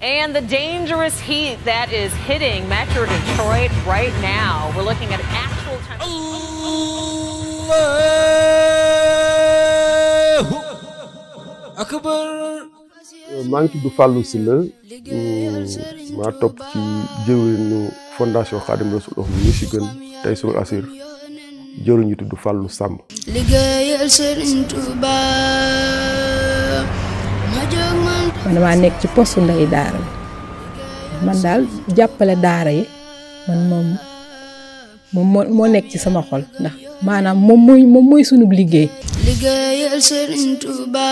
And the dangerous heat that is hitting Metro Detroit right now. We're looking at actual time. Uh, uh, ci fondation Khadim sunu asir Serigne Touba. man damaa nekk ci post ndey daara man daal jàppale daara yi man moom moom moo nekk ci sama xol ndax maanaam moom mooy moom liggéey. liggéeyal Sëriñ Tuuba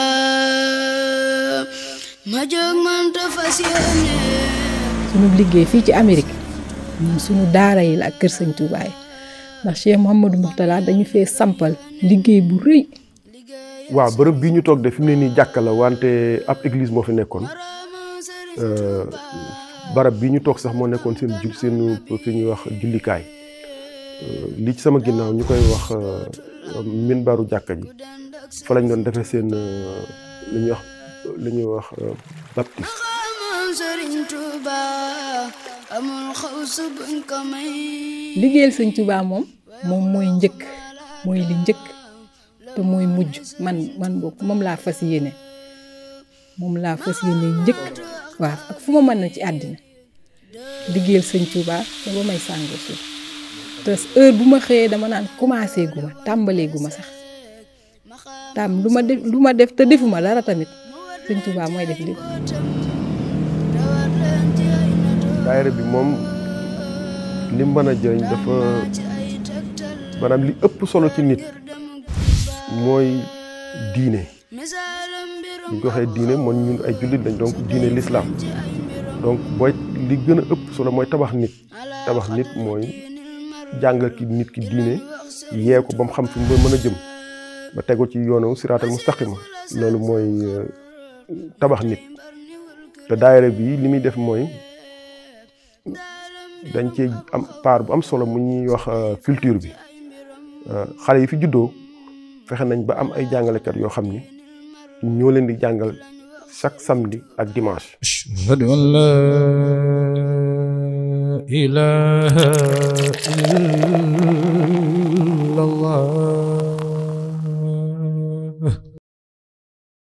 liggéey fii ci Amérique moom sunu daara yi la ak kër Sëriñ Tuuba yi ndax Cheikh Mouhamadou Mourtada dañu fee sampal liggéey bu rëy. waaw bërëb bii ñu toog de fi mu ne nii jàkka la wante ab église moo fi nekkoon euh, barab bi ñu toog sax moo nekkoon seen jul seen fi ñuy wax jullikaay euh, lii ci sama ginnaaw ñu koy wax euh, minbaru jàkka ji fa lañ doon defee seen li ñuy wax li ñuy wax baptiste liggéeyal sëñ Tuubaa moom moom mooy njëkk mooy li njëkk te mooy mujj man man bokk mom la fas yene, moom laa fas yene, njëkk waaw ak fuma man na ci adina liggéeyal sëñ Touba te ba may sangu su te heure bu ma dama nan commencé guma ma guma sax tam luma, luma def def te defuma dara tamit sëñ Touba moy def li daayira bi mom li mu jëriñ dafa manam li ëpp solo ci nit. mooy diine bu ñu ko waxee diine man ñun ay jullit lañ donc diine lislaam donc booy li gën a ëpp solo mooy tabax nit tabax nit mooy jàngal ki nit ki diine yee ko ba mu xam fi mu mën a jëm ba tegu ci yoonu siraatal mustaqima loolu mooy euh, tabax nit te daayira bi li muy def mooy dañ cee am part bu am solo mu ñuy wax euh, culture bi euh, xale yi fi juddoo fexe nañ ba am ay jàngalekat yoo xam ni ñoo leen di jàngal chaque samedi ak dimanche ashhadu an la ilaha illallah